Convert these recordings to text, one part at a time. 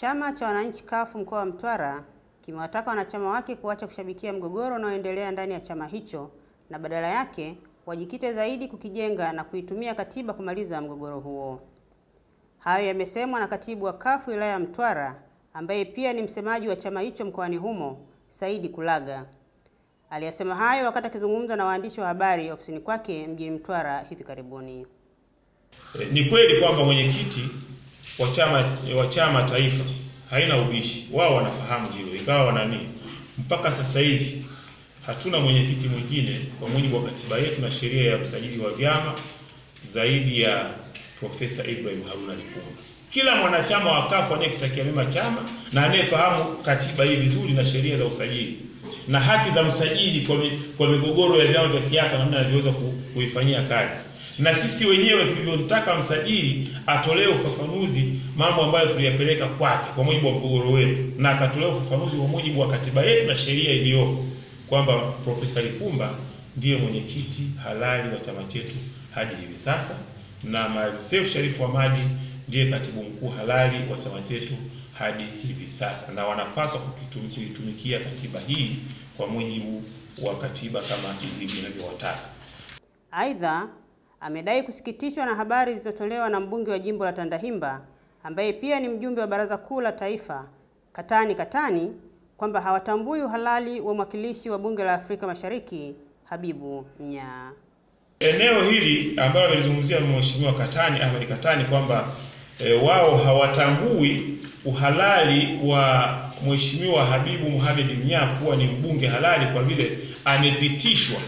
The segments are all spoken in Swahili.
Chama cha Wananchi CUF mkoa wa Mtwara kimewataka wanachama wake kuacha kushabikia mgogoro unaoendelea ndani ya chama hicho na badala yake wajikite zaidi kukijenga na kuitumia katiba kumaliza mgogoro huo. Hayo yamesemwa na katibu wa CUF wilaya ya Mtwara ambaye pia ni msemaji wa chama hicho mkoani humo, Saidi Kulaga. Aliyasema hayo wakati akizungumza na waandishi wa habari ofisini kwake mjini Mtwara hivi karibuni. Eh, ni kweli kwamba mwenyekiti wa chama wa chama taifa haina ubishi, wao wanafahamu hilo, ingawa wanani mpaka sasa hivi hatuna mwenyekiti mwingine kwa mujibu wa katiba yetu na sheria ya usajili wa vyama zaidi ya Profesa Ibrahim Haruna Lipumba. Kila mwanachama wa CUF anayekitakia mema chama na anayefahamu katiba hii vizuri na sheria za usajili na haki za msajili kwa migogoro ya vyama vya siasa, namna anavyoweza kuifanyia kazi na sisi wenyewe tulivyotaka msajili atolee ufafanuzi mambo ambayo tuliyapeleka kwake kwa mujibu wa mgogoro wetu, na akatolea ufafanuzi kwa mujibu wa katiba yetu na sheria iliyoko kwamba Profesa Lipumba ndiye mwenyekiti halali wa chama chetu hadi hivi sasa, na Maalim Seif Sharif Hamad ndiye katibu mkuu halali wa chama chetu hadi hivi sasa, na wanapaswa kuitumikia katiba hii kwa mujibu wa katiba kama ilivyowataka. Aidha, amedai kusikitishwa na habari zilizotolewa na mbunge wa jimbo la Tandahimba ambaye pia ni mjumbe wa Baraza Kuu la Taifa, Katani Katani, kwamba hawatambui uhalali wa mwakilishi wa bunge la Afrika Mashariki Habibu Mnyaa. Eneo hili ambalo amelizungumzia Mheshimiwa Katani Ahmed Katani kwamba e, wao hawatambui uhalali wa Mheshimiwa Habibu Mohamed Mnyaa kuwa ni mbunge halali kwa vile amepitishwa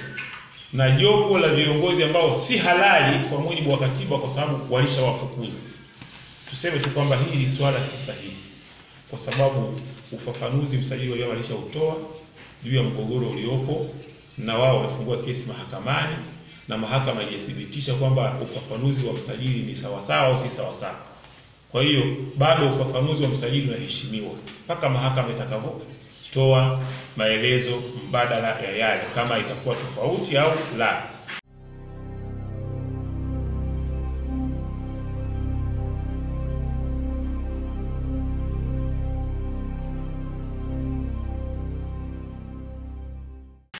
na jopo la viongozi ambao si halali kwa mujibu wa katiba, kwa sababu walishawafukuza. Tuseme tu kwamba hili swala si sahihi, kwa sababu ufafanuzi msajili wa vyama alishautoa juu ya mgogoro uliopo, na wao wamefungua kesi mahakamani na mahakama haijathibitisha kwamba ufafanuzi wa msajili ni sawasawa au si sawasawa. Kwa hiyo bado ufafanuzi wa msajili unaheshimiwa mpaka mahakama itakavyo toa maelezo mbadala ya yale kama itakuwa tofauti au la.